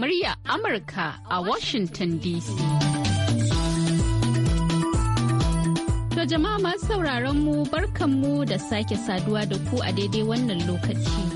murya Amurka a Washington DC. To jama'a masu sauraron mu barkan mu da sake saduwa da ku a daidai wannan lokaci.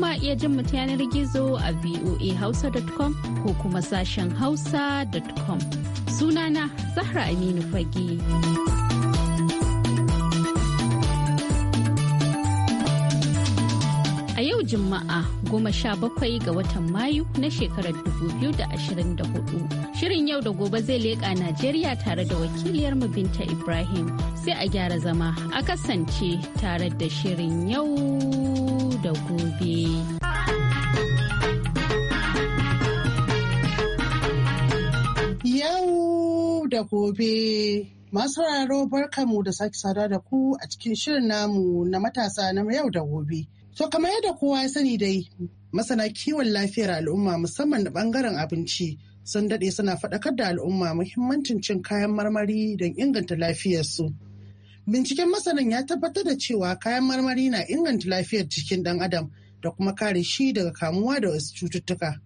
kuma iya jin mu yanar gizo a voahausa.com ko kuma sashen hausa.com. Sunana Zahra Aminu Fage. A yau Juma'a goma sha bakwai ga watan Mayu na shekarar da 2024. Shirin yau da gobe zai leƙa Najeriya tare da wakiliyar mu Binta Ibrahim sai a gyara zama a kasance tare da shirin yau. da gobe. Yau da gobe. Masu raro mu da sake sada da ku a cikin shirin namu na matasa na yau da gobe. So kamar yadda kowa ya sani dai masana kiwon lafiyar al'umma musamman da bangaren abinci sun daɗe suna faɗakar da al'umma muhimmancin cin kayan marmari don inganta lafiyarsu. Binciken masanin ya tabbatar da cewa kayan marmari na inganta lafiyar jikin ɗan adam da kuma kare shi daga kamuwa da wasu cututtuka.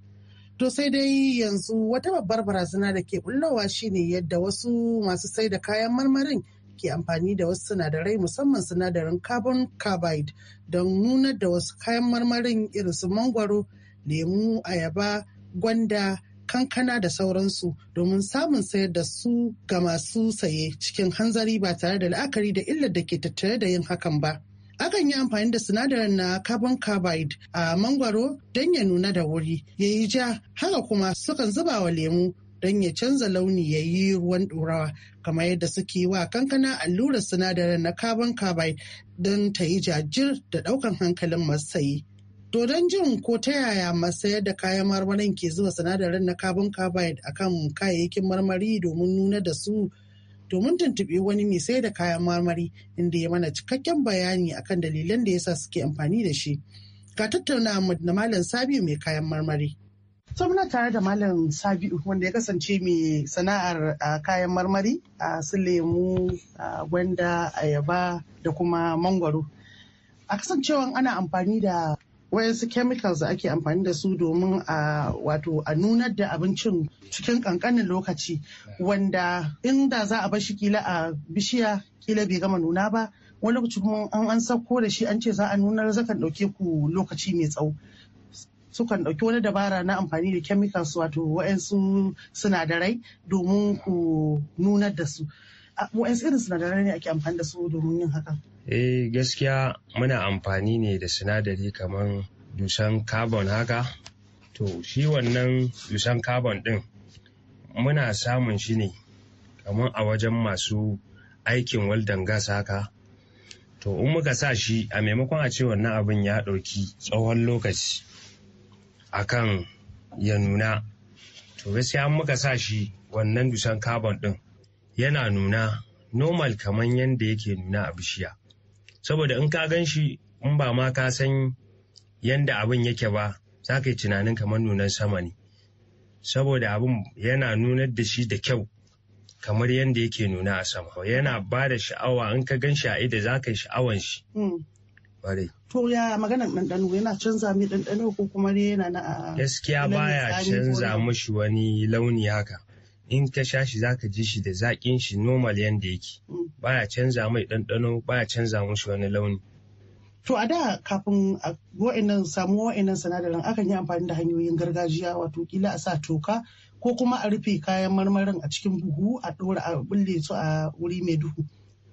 To sai dai yanzu wata babbar barazana da ke bullowa shine yadda wasu masu sai da kayan marmarin ke amfani da wasu sinadarai musamman sinadarin carbon carbide don nunar da wasu kayan marmarin irin su mangwaro, lemu, ayaba, gwanda, kankana da sauransu domin samun sayar da su ga masu saye cikin hanzari ba tare da la'akari da illar da ke tattare da yin hakan ba. akan yi amfani da sinadarin na carbon carbide a mangwaro don ya nuna da wuri ya yi ja haka kuma sukan zuba wa lemu don ya canza launi ya yi ruwan ɗorawa kamar yadda suke wa kankana allurar sinadarin na carbon carbide don ta yi jajir da ɗaukan hankalin masu sayi. To don jin ko ta yaya masu sayar da kayan marmarin ke zuwa sinadarin na carbon carbide a kan kayayyakin marmari domin nuna da su domin tuntuɓi wani mai sayar da kayan marmari inda ya mana cikakken bayani akan dalilan da ya sa suke amfani da shi. Ka tattauna da Malam Sabiu mai kayan marmari. So muna tare da Malam Sabiu wanda ya kasance mai sana'ar kayan marmari a su lemu, gwanda, ayaba da kuma mangwaro. a kasancewan ana amfani da wayansu chemicals da ake amfani da su domin a wato a nunar da abincin cikin kankanin lokaci wanda inda za a bashi shi kila a bishiya kila bai gama nuna ba wani lokaci kuma an an sauko da shi an ce za a nunar zakan dauke ku lokaci mai tsawo sukan ɗauki wani dabara na amfani da chemicals wato wa'yansu sinadarai domin ku nunar da su wa'yansu irin sinadarai ne ake amfani da su domin yin hakan Eh gaskiya muna amfani ne da sinadari kamar dusan carbon haka. To shi wannan dusan carbon ɗin muna samun shi ne kamar a wajen masu aikin waldan gas haka. To in muka sa shi a maimakon a ce wannan abin ya ɗauki tsawon lokaci akan ya nuna. To gaskiya an muka sa shi wannan dusan carbon ɗin yana nuna normal kamar yadda yake nuna a bishiya. saboda in ka gan shi in ba ma ka san yadda abin yake ba za ka yi tunanin kamar nunan sama ne saboda abin yana nunar da shi da kyau kamar yadda yake nuna a sama yana ba da sha'awa in ka gan shi a za ka yi sha'awan shi hmm. kwarai. To ya maganar ɗanɗano yana canza mai ɗanɗano ko kuma yana na Gaskiya baya canza mashi wani launi haka. in ka sha shi zaka ji shi da zaƙin shi normal yanda yake mm. baya canza mai ɗanɗano baya canza mushi wani launi To a da kafin wa'annan samu wa'annan sinadarin akan yi amfani da hanyoyin gargajiya wato kila a sa toka ko kuma a rufe kayan marmarin a cikin buhu a ɗora a bulle su a wuri mai duhu.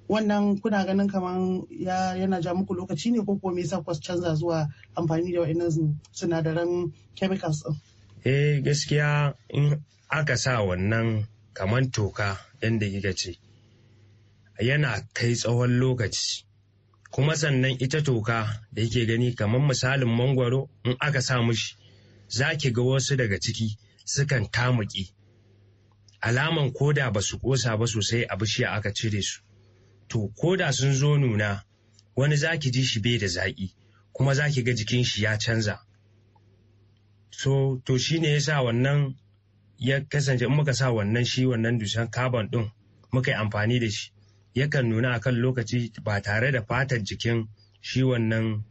Wannan kuna ganin kamar yana ja muku lokaci ne ko kuma me yasa canza zuwa amfani da wa'annan sinadaran chemicals ɗin eh gaskiya in aka sa wannan kamar toka yadda kika ce yana kai tsawon lokaci kuma sannan ita toka da yake gani kamar misalin mangwaro in aka sa mushi za ki ga wasu daga ciki sukan tamuki alaman koda ba su kosa ba sosai a bishiya aka cire su to koda sun zo nuna wani za ki ji shi bai da zaƙi kuma za ki ga jikin shi ya canza so to ya sa wannan ya kasance in muka sa wannan shi wannan dusan carbon din muka yi amfani da shi yakan nuna a kan lokaci ba tare da fatar jikin shi wannan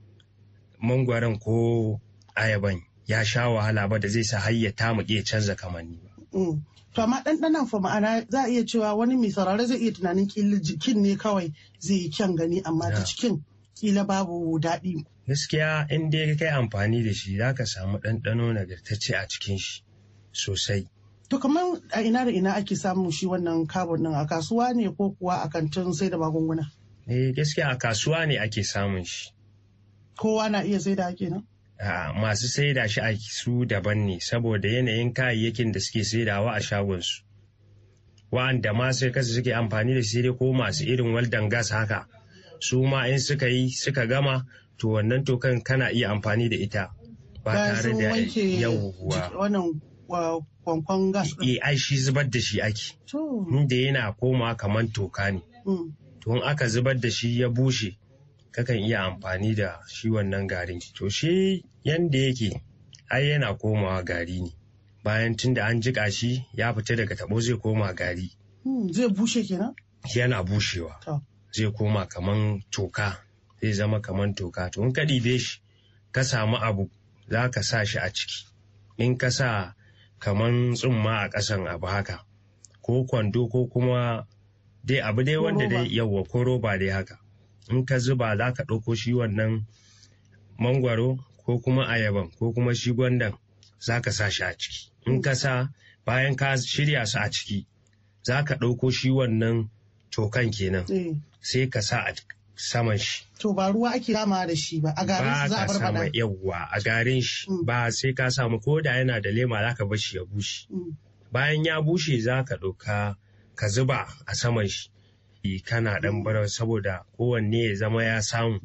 mangwaron ko ayaban ya sha wahala ba da zai sa har ya tamuke canza kamanni ba. Mm. To amma ɗanɗanan fa ma'ana za a iya cewa wani mai saurare zai iya tunanin kila jikin ne kawai zai yi kyan gani amma ta cikin kila babu daɗi. Gaskiya in dai kai amfani da shi za ka samu ɗanɗano nagartacce a cikin shi sosai. To kamar a ina da ina ake samun shi wannan carbon ɗin a kasuwa ne ko kuwa a kantin sai da magunguna? Eh gaskiya a kasuwa ne ake samun shi. Kowa na iya sai da ake nan? A'a masu da shi a su daban ne saboda yanayin kayayyakin da suke wa a shagonsu. Wa'anda ma kasa suke amfani da shi dai ko masu irin waldan gas haka. su ma in suka yi suka gama to wannan tokan kana iya amfani da ita ba tare da yawuwa wannan eh, ai shi zubar da shi ake. Inda yana koma kamar toka ne. Hmm. To aka zubar da shi ya bushe kakan iya amfani da shi wannan garin. To shi yanda yake ai yana komawa gari ne. Bayan tun da an jiƙa shi ya fita daga taɓo zai koma gari. Hmm, zai bushe kenan? Yana bushewa. zai koma kaman toka zai zama kaman toka to in ka ɗibe shi ka samu abu za ka sa shi a ciki in ka sa kaman tsumma a ƙasan abu haka ko kwando ko kuma dai abu dai wanda dai yawwa ko roba dai haka in ka zuba za ka ɗauko shi wannan mangwaro ko kuma ayaban ko kuma shi gwandan za ka sa shi a ciki in ka sa bayan ka shirya su a ciki za ka ɗauko shi wannan tokan kenan eh. sai ka sa a saman shi. To ba ruwa ake kama da shi ba a garin za a barbada. Ba yawwa a garin shi mm. ba sai ka samu ko da yana da lema za ka bar shi ya bushe. Mm. Bayan ya bushe za ka ɗauka ka zuba a saman shi. Kana ɗan mm. barar saboda kowanne ya zama ya samu.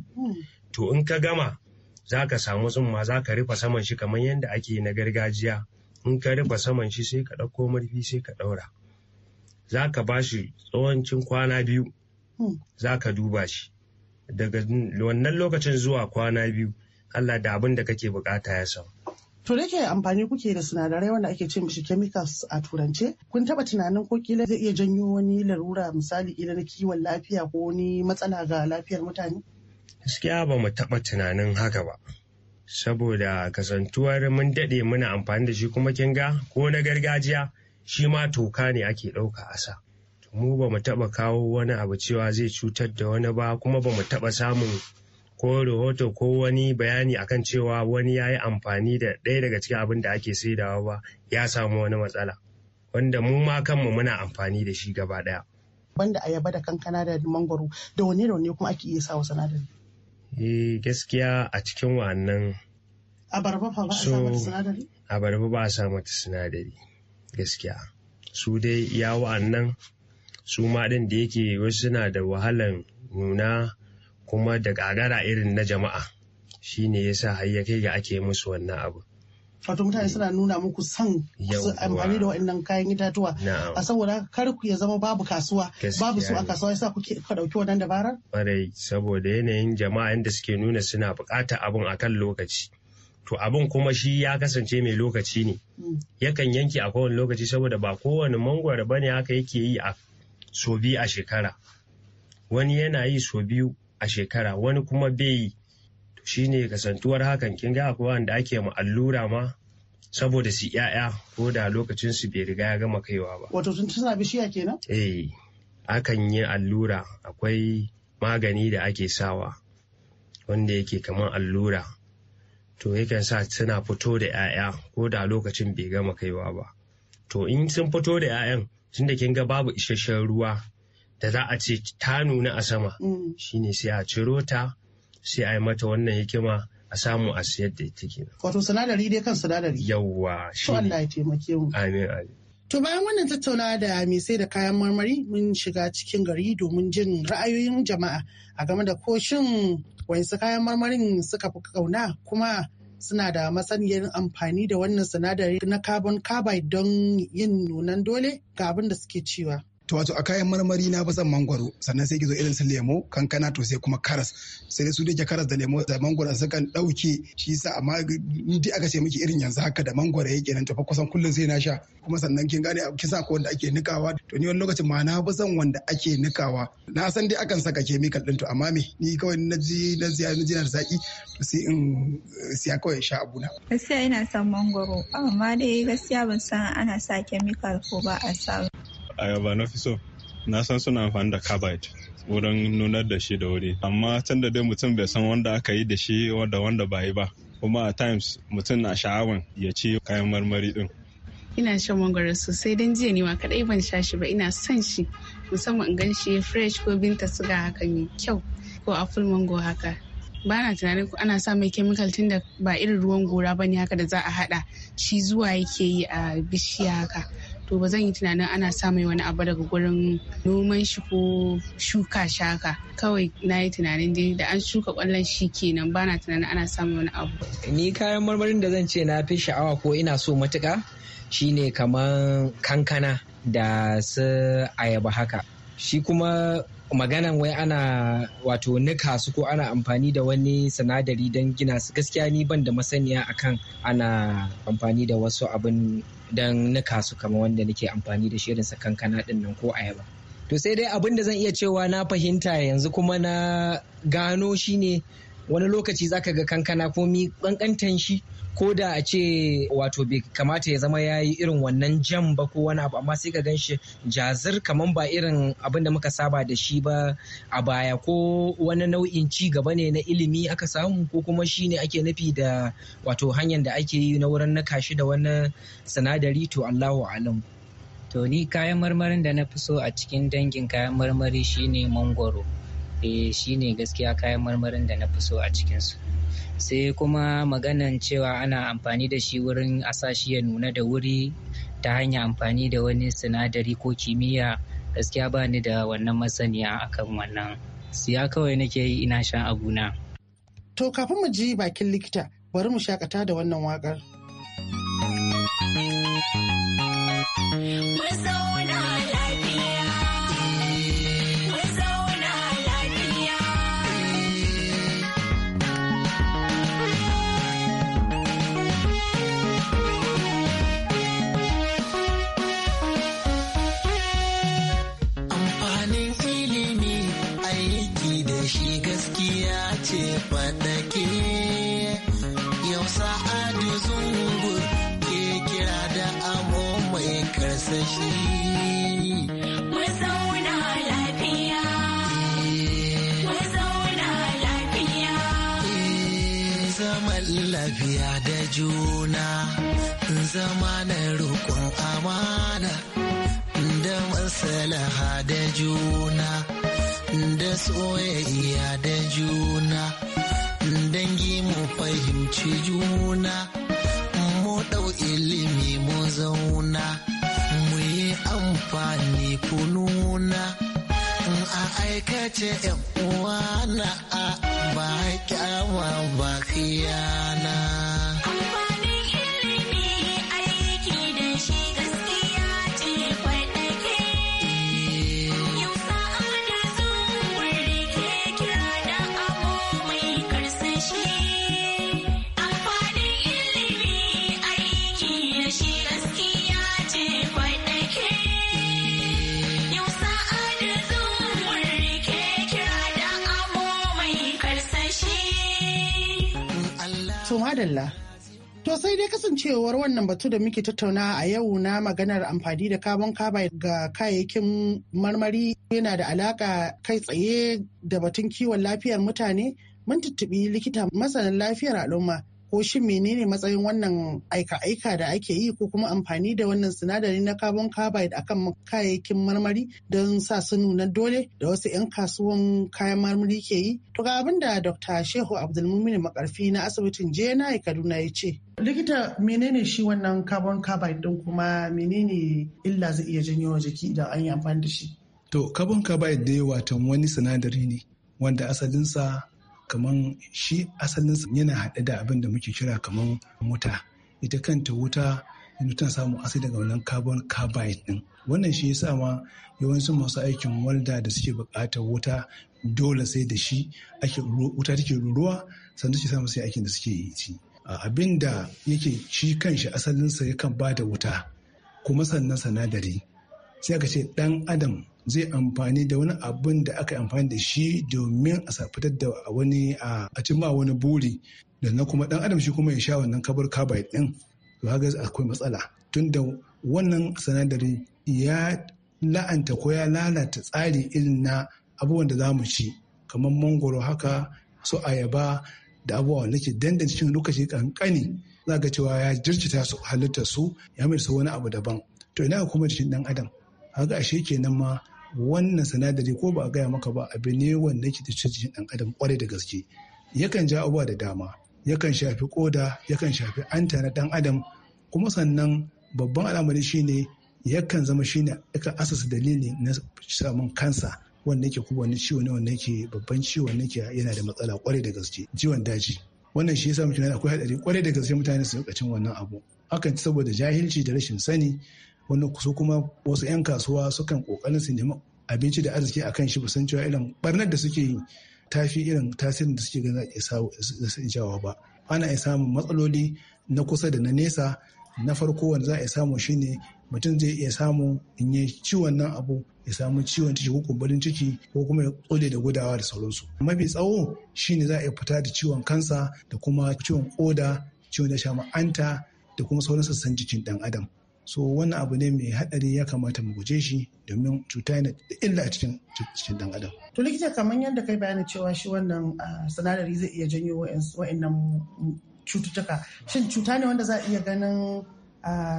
To in ka gama za ka samu tsumma za ka rufe saman shi kamar yadda ake na gargajiya. In ka rufe saman shi sai ka ɗauko murfi sai ka ɗaura. Za ka ba shi tsawancin kwana biyu. za ka duba shi daga wannan lokacin zuwa kwana biyu Allah da abin da kake bukata ya sa To da ke amfani kuke da sinadarai wanda ake ce mishi chemicals a turance, kun taba tunanin ko kila zai iya janyo wani larura misali ila na kiwon lafiya ko wani matsala ga lafiyar mutane? Gaskiya ba mu taba tunanin haka ba. Saboda kasantuwar mun daɗe muna amfani da shi kuma kinga ko na gargajiya shi ma toka ne ake ɗauka a sa. mu ba mu taɓa kawo wani abu cewa zai cutar da wani ba kuma ba mu taɓa samun ko rahoto ko wani bayani akan cewa wani ya yi amfani da ɗaya daga cikin abin da ake saidawa ba ya samu wani matsala wanda mu ma kanmu muna amfani da shi gaba ɗaya. Banda ayaba da kankana da mangwaro da wani da kuma ake iya sawa sinadari. Eh gaskiya a cikin wa'annan. Abarba barba ba a samu sinadari? A barba ba a sa mata sinadari gaskiya. Su dai ya wa'annan su ma ɗin da yake wasu suna da wahalan nuna kuma da gagara irin na jama'a shi ne ya sa har ya kai ga ake musu wannan abu. Wato mutane suna nuna muku son su amfani da waɗannan kayan itatuwa. A saboda kar ku ya zama babu kasuwa, babu su a kasuwa yasa kuke ka ɗauki wannan dabara. Ƙwarai saboda yanayin jama'a yadda suke nuna suna buƙatar abun akan lokaci. To abin kuma shi ya kasance mai lokaci ne. Mm. Yakan yanke a kowane lokaci saboda ba kowane mangwaro ne haka yake yi a so biyu a shekara wani yana yi so biyu a shekara wani kuma bai yi shi ne kasantuwar hakan kin ga akwai wanda ake ma allura ma saboda su ya'ya ko da lokacin su bai riga ya gama kaiwa ba wato sun suna bishiya kenan eh akan yi allura akwai magani da ake sawa wanda yake kamar allura to yakan sa suna fito da 'ya'ya ko da lokacin bai gama kaiwa ba to in sun fito da 'ya'yan tunda kin ga babu isasshen ruwa da za a ce ta nuna a sama mm. shine sai a ciro ta sai a yi mata wannan hikima a samu a siyar da ita nan. Wato sinadari dai kan sinadari. Yawwa shi. Allah ya taimake mu. Amin amin. To bayan wannan tattaunawa da mai sai da kayan marmari mun shiga cikin gari domin jin ra'ayoyin jama'a a game da ko shin wayansu kayan marmarin suka fi kauna kuma suna da masaniyar amfani da wannan sinadari na carbon carbide don yin nunan dole ga abin da suke cewa. to wato a kayan marmari na fasan mangwaro sannan sai ki zo irin su lemo kankana to sai kuma karas sai su dake karas da lemo da mangwaro sukan dauke shi yasa amma ni dai aka ce miki irin yanzu haka da mangwaro yake nan fa kusan kullun sai na sha kuma sannan kin gane kin sa ko wanda ake nikawa to ni wani lokacin ma na fasan wanda ake nikawa na san dai akan saka chemical din to amma me ni kawai na ji na ji na ji na zaki sai in eh, siya kawai sha abuna gaskiya ina son mangwaro amma dai gaskiya ban san ana sa chemical ko ba a sa ayaba na fi so na san suna amfani da carbide wurin nunar da shi da wuri amma tun da dai mutum bai san wanda aka yi da shi wanda wanda ba yi ba kuma a times mutum na sha'awan ya ci kayan marmari din ina shan mangwaro sosai don jiya ne ma kadai ban sha shi ba ina son shi musamman in gan shi fresh ko binta suga haka mai kyau ko apple mango haka ba na tunanin ana sa mai kemikal tun da ba irin ruwan gora ba ne haka da za a hada shi zuwa yake yi a bishiya haka to ba zan yi tunanin ana samun wani abu daga gurin noman shi ko shuka shaka kawai na yi tunanin dai da an shuka kwallon shi kenan ba na tunanin ana samun wani abu ni kayan marmarin da zan ce na fi sha'awa ko ina so matuka shine kaman kankana da su ayaba haka shi kuma maganan wai ana wato nika su ko ana amfani da wani sinadari don gina su gaskiya ni ban da masaniya akan ana amfani da wasu abin don nika su kamar wanda nake amfani da shirin sa kankana din nan ko ayaba to sai dai abin da zan iya cewa na fahimta yanzu kuma na gano shine wani lokaci zaka ga kankana ko mi kankantan shi ko da a ce wato bai kamata ya zama ya yi irin wannan jam ba ko wani abu amma sai ka gan jazir kamar ba irin abin da muka saba da shi ba a baya ko wani nau'in ci gaba ne na ilimi aka samu ko kuma shi ne ake nufi da wato hanyar da ake yi na wurin na shi da wani sinadari to Allahu alam. To ni kayan marmarin da na fi so a cikin dangin kayan marmari shine mangoro. Eh shine gaskiya kayan marmarin da na fi so a cikin su sai kuma maganan cewa ana amfani da shi wurin asashi ya nuna da wuri ta hanyar amfani da wani sinadari ko kimiyya gaskiya ba ni da wannan masaniya akan wannan siya kawai nake yi ina shan abuna to kafin mu ji bakin likita bari mu shakata da wannan wakar shi gaskiya ce faɗake yau sa'adu zungur ke kira da amo mai karsashi. Eh. Eh, lafiya da juna zama na roƙon amana da masalaha da juna soyayya da juna dangi mu fahimci juna mu ɗau ilimi mu zauna mu yi amfani kununa a aikace uwa na a ba kyawa ba khiyana. madalla. To sai dai kasancewar wannan batu da muke tattauna a yau na maganar amfani da kabon kaba ga kayayyakin marmari yana da alaka kai tsaye da batun kiwon lafiyar mutane mun tuttubi likita masanin lafiyar al'umma ko shin menene matsayin wannan aika-aika da ake yi ko kuma amfani da wannan sinadari na carbon carbide akan kayayyakin marmari don sa su nuna dole da wasu 'yan kasuwan kayan marmari ke yi to ga abin da dr shehu abdulmumin makarfi na asibitin jna kaduna ya ce likita menene shi wannan carbon carbide din kuma menene illa zai iya janyo wa jiki idan an yi amfani da shi to carbon carbide dai watan wani sinadari ne wanda asalinsa kaman shi asalinsa yana haɗe da abin da muke kira kamar wuta ita kanta wuta yanzu samu samun asali daga wannan carbon carbide din wannan shi yasa ma yawanci masu aikin walda da suke buƙatar wuta dole sai da shi ake wuta take ruruwa sannan shi samu sai aikin da suke yi abin da yake shi kanshi asalinsa yakan ba da wuta kuma sannan sanadari sai aka ce dan adam zai amfani da wani abin da aka amfani da shi domin a safitar da wani a cimma wani buri da na kuma dan adam shi kuma ya sha wannan kabar kabai din to haka akwai matsala tunda wannan sanadari ya la'anta ko ya lalata tsari irin na abubuwan da za mu ci kamar mangoro haka su ayaba da abubuwa wanda ke dandan cikin lokaci kankani za ga cewa ya jirkita su halittar su ya mai su wani abu daban to ina kuma jikin dan adam haka ashe kenan ma wannan sinadari ko ba a gaya maka ba abu ne wanda ke cikin dan adam kwarai da gaske yakan ja abuwa da dama yakan shafi koda yakan shafi anta na dan adam kuma sannan babban al'amari shine yakan zama shine yakan asasa dalili na samun kansa wanda yake kuma wani ciwo ne wanda yake babban ciwo wanda yake yana da matsala kwarai da gaske ciwon daji wannan shi yasa mutane akwai hadari kwarai da gaske mutane su yi cin wannan abu hakan saboda jahilci da rashin sani wani su kuma wasu 'yan kasuwa sukan kokarin su nemi abinci da arziki a kan shi ba san cewa irin barnar da suke yi ta fi irin tasirin da suke ganin da a jawa ba ana iya samun matsaloli na kusa da na nesa na farko wanda za a iya samu shine mutum zai iya samu in yi ciwon nan abu ya samu ciwon ciki ko kumburin ciki ko kuma ya tsole da gudawa da sauransu mafi tsawo shine za a iya fita da ciwon kansa da kuma ciwon koda ciwon da shama'anta da kuma sauran sassan jikin dan adam so wannan abu ne mai hadari ya kamata mu guje shi domin cuta yana da illa a cikin cikin dan adam to likita kamar yadda kai bayani cewa shi wannan sinadari zai iya janyo wa'annan cututtuka shin cuta ne wanda za a iya ganin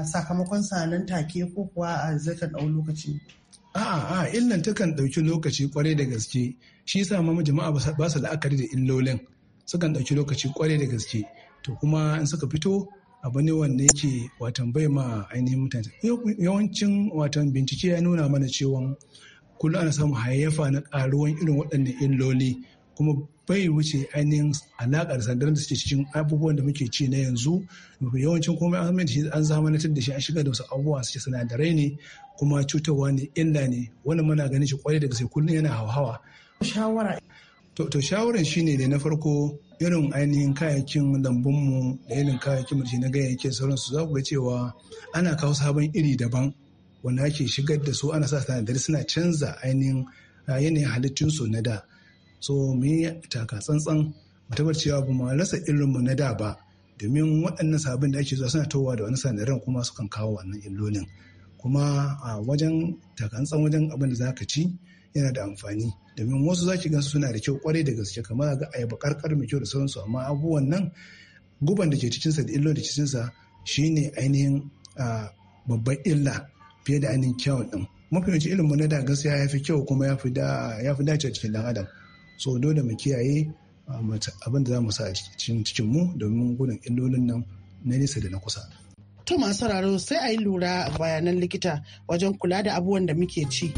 sakamakon sa nan take ko kuwa a zai kan lokaci a'a a illan takan dauki lokaci kwarai da gaske shi yasa ma jama'a ba su la'akari da illolin sukan ɗauki lokaci kwarai da gaske to kuma in suka fito abu ne wanda yake watan bai ma ainihin mutane yawancin watan bincike ya nuna mana cewa kullum ana samun hayayyafa na karuwan irin waɗannan illoli kuma bai wuce ainihin alaƙar sandar da suke cikin abubuwan da muke ci na yanzu yawancin komai an da shi an da shi an shiga da wasu abubuwa suke sinadarai ne kuma cutarwa ne illa ne wani muna ganin shi kwarai daga sai kullum yana hauhawa shawara to shawaran shine ne na farko irin ainihin kayayyakin lambunmu da irin kayayyakin mulki na gayyakin sauransu za ku ga cewa ana kawo sabon iri daban wanda ake shigar da su ana sa sanadari suna canza ainihin yanayin halittunsu na da so mu yi taka tsantsan mu tabbatar cewa ba mu rasa irinmu na da ba domin waɗannan sabon da ake zuwa suna towa da wani sanadaran kuma sukan kawo wannan illolin kuma a wajen taka wajen abin da za ka ci yana da amfani domin wasu za ki gansu suna da kyau kwarai da gaske kamar ga ayaba karkar mai kyau da sauransu amma abubuwan nan guban da ke cikinsa da illo da cikinsa shine ainihin babban illa fiye da ainihin kyawun din mafiyanci ilimin na da gaskiya ya fi kyau kuma ya fi dace cikin dan adam so dole mu kiyaye abin da za mu sa a cikin mu domin gudun illolin nan na nesa da na kusa. To masu sauraro sai a yi lura bayanan likita wajen kula da abubuwan da muke ci.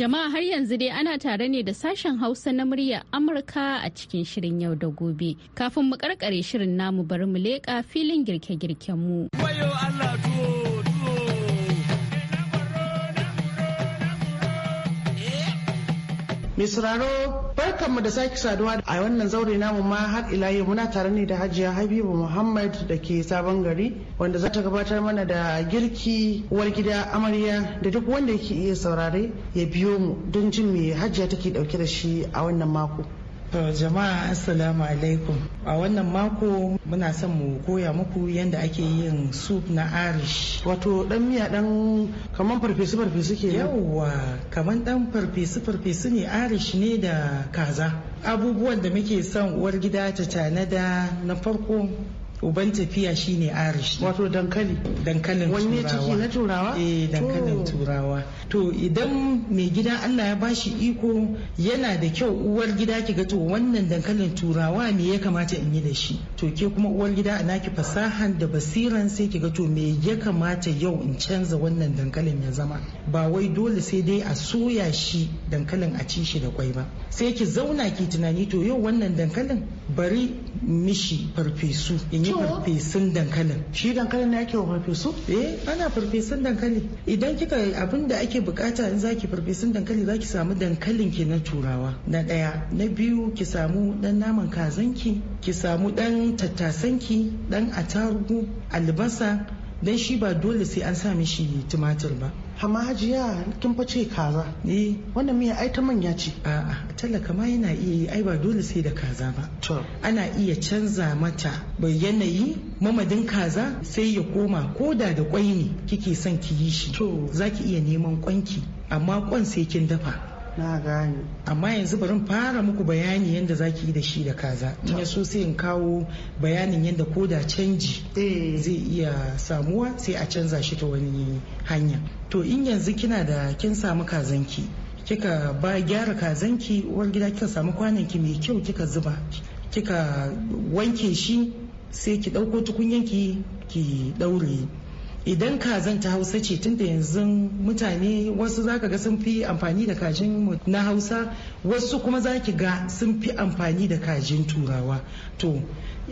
Jama'a har yanzu dai ana tare ne da sashen Hausa na muryar Amurka a cikin shirin yau da gobe. Kafin mu karkare shirin namu bari mu leƙa filin girke-girken mu. Allah Mai sauraro barkanmu da sake saduwa a wannan zaure namu ma har ila yau muna tare ne da Hajiya Habibu Muhammad da ke sabon gari wanda za ta gabatar mana da girki uwar gida amarya da duk wanda yake iya saurare ya biyo mu don jin me Hajiya take dauke da shi a wannan mako. jama'a assalamu alaikum a wannan mako muna son mu koya muku yadda ake yin soup na irish wato dan miya dan kaman farfesu farfesu ke yawwa kaman dan farfesu farfesu ne irish ne da kaza abubuwan da muke son uwar gida ta tanada na farko uban tafiya shine arish wato dankali dankalin turawa wanne ciki na turawa eh dankalin turawa to idan mai gida Allah ya bashi iko yana da kyau uwar gida ki ga to wannan dankalin turawa ne ya kamata in yi da shi to ke kuma uwar gida a naki fasahan da basiran sai ki ga to me ya kamata yau in canza wannan dankalin ya zama ba wai dole sai dai a soya shi dankalin a ci shi da kwai ba sai ki zauna ki tunani to yau wannan dankalin bari mishi farfesu yi farfesun dankalin shi dankalin na ake wa farfesu eh ana farfesun dankali idan kika abin da ake bukata in zaki farfesun dankali zaki samu dankalin ki na turawa na daya na biyu ki samu dan naman kazanki ki samu dan tattasanki dan atarugu albasa dan shi ba dole sai an sa mishi tumatir ba hamajiya kin kin face kaza ni eh. wannan miya ai ta manya ce a'a talaka ma yana iya ai ba dole sai da kaza ba to ana iya canza mata bai yanayi mamadin kaza sai ya koma koda da kwai ne kike son ki yi shi to zaki iya neman kwanki amma kwan sai kin dafa na gane amma yanzu bari fara muku bayani yadda zaki yi da shi da kaza in ya so sai in kawo bayanin yadda ko da canji eh. zai iya samuwa sai a canza shi ta wani hanya to in yanzu kina da kin samu kazanki kika ba gyara kazanki uwar gida kika samu kwananki mai kyau kika zuba kika wanke shi sai ki ɗauko tukunyanki ki ɗaure idan kazan ta hausa ce tunda yanzu mutane wasu zaka ga sun fi amfani da kajin na hausa wasu kuma zaki ga sun fi amfani da kajin turawa to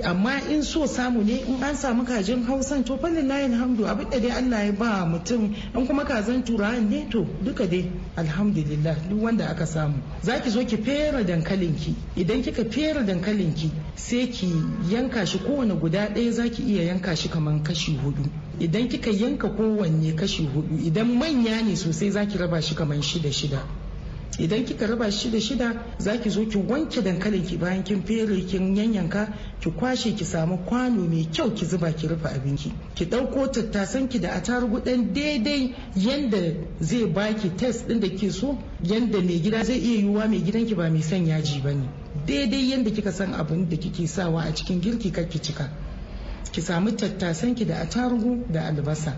amma in so samu ne in an samu kajin hausan to fallin layin hamdu abin da dai allah ya ba mutum in kuma kazan turawan ne to duka dai alhamdulillah duk wanda aka samu zaki zo ki fera dankalin ki idan kika fera dankalin ki sai ki yanka shi kowane guda ɗaya zaki iya yanka shi kamar kashi hudu idan kika yanka kowanne kashi hudu idan manya ne sosai zaki raba shi kamar shida shida idan kika raba shi da shida zaki zo ki wanke dankalin ki bayan kin fere kin yanyanka ki kwashe ki samu kwano mai kyau ki zuba ki rufe abinki ki ɗauko tattasan ki da atarugu ɗan daidai yanda zai baki test ɗin da ke so yanda mai gida zai iya yiwuwa mai gidan ki ba mai son yaji ba ne daidai yanda kika san abin da kike sawa a cikin girki kar ki cika ki samu tattasanki da atarugu da albasa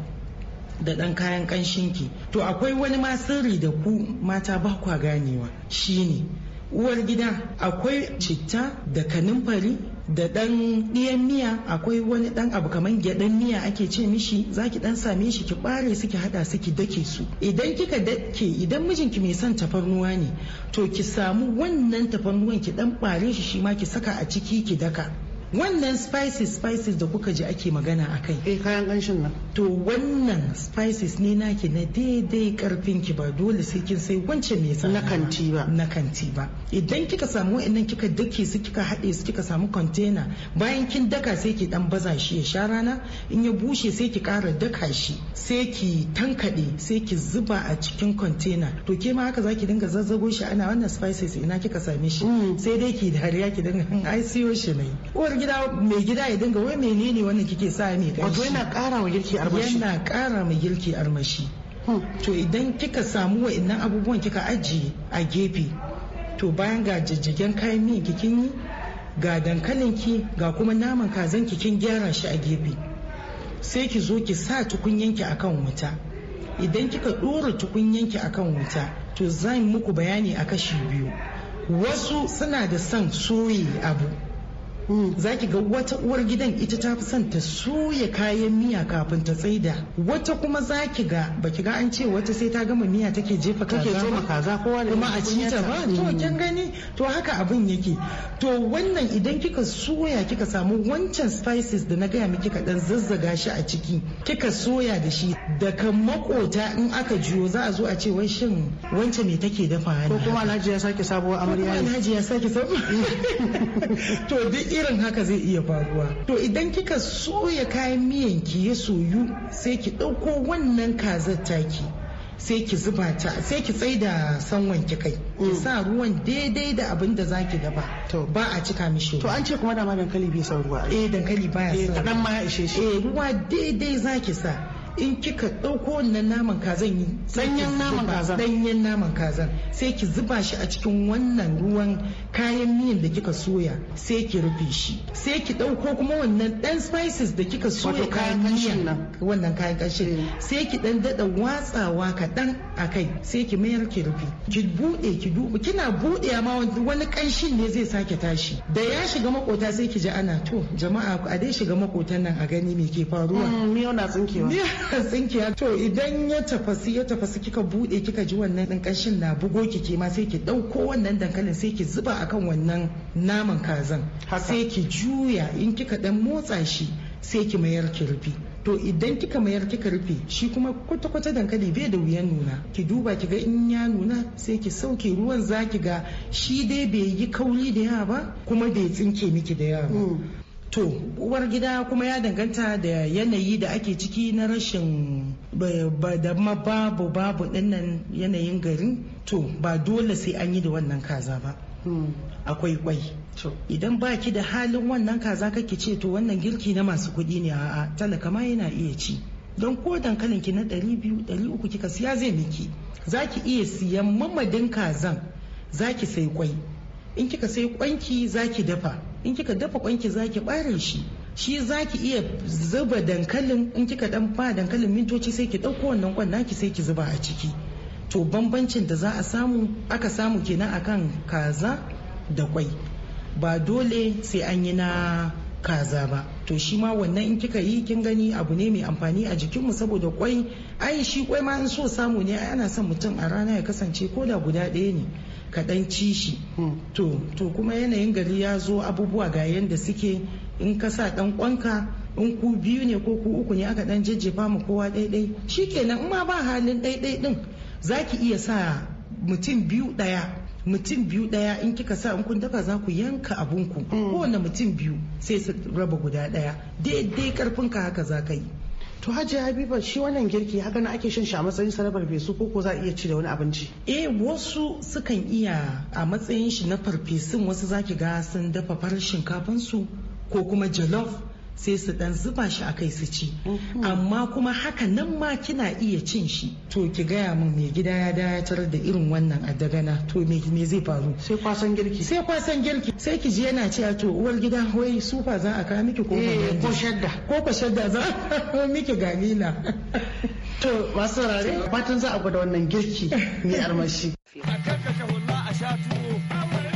da ɗan kayan ƙanshinki to akwai wani ma sirri da ku mata ba kwa ganewa shine uwar gida akwai citta da kanumfari da ɗan ɗiyan miya akwai wani ɗan abu kamar gyaɗan miya ake ce mishi zaki ɗan same shi ki ɓare su ki haɗa su ki dake su idan kika dake idan mijinki mai son tafarnuwa ne to ki samu wannan tafarnuwan ki ɗan ɓare shi shi ma ki saka a ciki ki daka wannan spices spices da kuka ji ake magana a kai eh kayan ganshin nan to wannan spices ne naki na daidai karfin ki ba dole sai kin sai wance mai sa na kanti ba na kanti ba idan kika samu wa'annan kika dake su kika haɗe su kika samu container bayan kin daka sai ki dan baza shi ya sha rana in ya bushe sai ki ƙara daka shi sai ki tankade sai ki zuba a cikin container to ke ma haka zaki dinga zazzago shi ana wannan spices ina kika same shi mm. sai dai ki dariya ki dinga an ai siyo shi ne gida mai gida ya dinga wai menene wannan kike sa mai wato yana kara wa girki armashi yana kara mai girki armashi hmm. to idan kika samu wa'annan abubuwan kika ajiye a gefe to bayan ga jajjagen kayan miyan kikin yi ga dankalin ki ga kuma naman kazan kin gyara shi a gefe sai ki zo ki sa ki akan wuta idan kika dora ki akan wuta to zan muku bayani a kashi biyu wasu suna da son soye abu za ki ga wata uwar gidan ita ta fi son ta soya kayan miya kafin ta tsaida wata kuma za ki ga baki ga an ce wata sai ta gama miya take jefa kaza kuma a ci ta ba to mm. kin gani to haka abin yake to wannan idan kika soya kika samu wancan spices da na gaya miki dan zazzaga shi a ciki kika soya da shi daga makota in aka jiyo za a zo a ce wai shin wancan me take dafa ko kuma alhaji ya sake sabuwar amarya alhaji ya sake sabuwa to duk irin haka zai iya faruwa to idan kika soya kayan miyan ki ya soyu sai ki ɗauko wannan kazar taki sai ki zuba ta sai ki tsai da sanwan ki kai ki mm. sa ruwan daidai da abin da zaki gaba to ba a cika mishi to an ce kuma da ma dankali bai sa ruwa eh dankali baya eh, sa. kadan ma ya ishe shi eh ruwa daidai zaki sa in kika ɗauko wannan naman kazan yi danyen naman kazan danyen naman kazan sai ki zuba shi a cikin wannan ruwan kayan miyan da kika soya sai ki rufe shi sai ki ɗauko kuma wannan ɗan spices da kika soya kayan miyan wannan kayan ƙanshin eh. sai ki ɗan daɗa watsawa kaɗan a kai sai ki mayar ki rufe ki buɗe ki duba kina buɗe ma wani ƙanshin ne zai sake tashi da ya shiga makota sai ki ji ana to jama'a a dai shiga makotan nan a gani me ke faruwa mm, miyo na tsinkewa kan tsinkiya to idan ya tafasi ya tafasi kika bude kika ji wannan din kanshin na bugo ki ke ma sai ki ɗauko wannan dankalin sai ki zuba akan wannan naman kazan sai ki juya in kika ɗan motsa shi sai ki mayar ki rufi to idan kika mayar kika rufe shi kuma kwata-kwata dankali bai da wuyan nuna ki duba ki ga in ya nuna sai ki sauke ruwan zaki ga shi dai bai yi kauri da yawa ba kuma bai tsinke miki da yawa ba mm. To, uwar gida kuma ya danganta da yanayi da ake ciki na rashin da babu babu dinnan yanayin garin. To, ba dole sai an yi da wannan kaza ba. Hmm. Akwai kwai. Idan ba ki da halin wannan kaza kake ce to wannan girki na masu kuɗi ne a'a talaka ma yana iya ci. Don ko dankalin ki na ɗari biyu ɗari uku kika siya zai miki. Za ki iya siyan mamadin kazan za ki sai kwai. in kika sai kwanki zaki dafa in kika dafa kwanki zaki bare shi shi zaki iya zuba dankalin in kika dan fa dankalin mintoci sai ki dauko wannan kwan naki sai ki zuba a ciki to bambancin da za a samu aka samu kenan akan kaza da kwai ba dole sai an yi na kaza ba to shi ma wannan in kika yi kin gani abu ne mai amfani a jikinmu saboda kwai ai shi kwai ma in so samu ne ana son mutum a rana ya kasance ko da guda ɗaya ne kaɗan ci shi hmm. to kuma yanayin gari ya zo abubuwa ga yadda suke in ka sa ɗan kwanka in ku biyu ne ko ku uku ne aka ɗan jajjefa mu kowa ɗaiɗai kenan in ma ba halin ɗaiɗai ɗin za ki iya sa mutum biyu ɗaya mutum biyu daya in kika sa in kun dafa za ku yanka abunku hmm. kowane mutum biyu sai su raba guda daya daidai karfinka haka za ka yi to hajiya habiba shi wannan girki haka na ake shan shi a matsayin sa na farfesu ko za a iya ci da wani abinci eh wasu sukan iya a matsayin shi na farfesun wasu zaki ga sun dafa farar shinkafan su ko kuma jollof sai su dan zuba shi a kai su ci mhm. amma kuma haka nan ma kina iya cin shi to ki gaya min mai gida ya dayatar da irin wannan addagana to me me zai faru sai kwasan girki sai kwasan girki sai ki ji yana cewa to uwar gidan wai sufa za a kawo miki ko eh, ko shadda ko ko shadda za a miki gamila. to masu rare fatan za a gwada wannan girki mai armashi a kakkaka wallahi a sha tuwo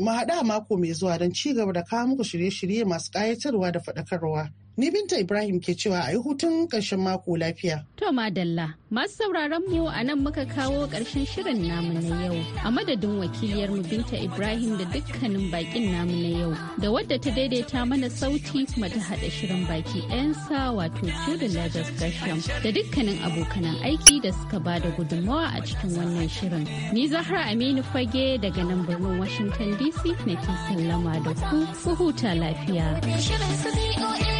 mu haɗa mako mai zuwa don ci gaba da kawo muku shirye-shirye masu ƙayatarwa da faɗakarwa. Ni Binta Ibrahim ke cewa a yi hutun ƙarshen mako lafiya. To Madalla, masu sauraron mu a nan muka kawo ƙarshen shirin namu na yau. A madadin wakiliyar mu Binta Ibrahim da dukkanin bakin namu na yau. Da wadda ta daidaita mana sauti kuma ta haɗa shirin baki ɗayansa wato Jude Lagos Gashiyam. da dukkanin abokanan aiki da suka ba da gudunmawa a cikin wannan shirin. Ni Zahra Aminu Fage daga nan birnin Washington DC ke sallama da ku, ku huta lafiya. Shirin su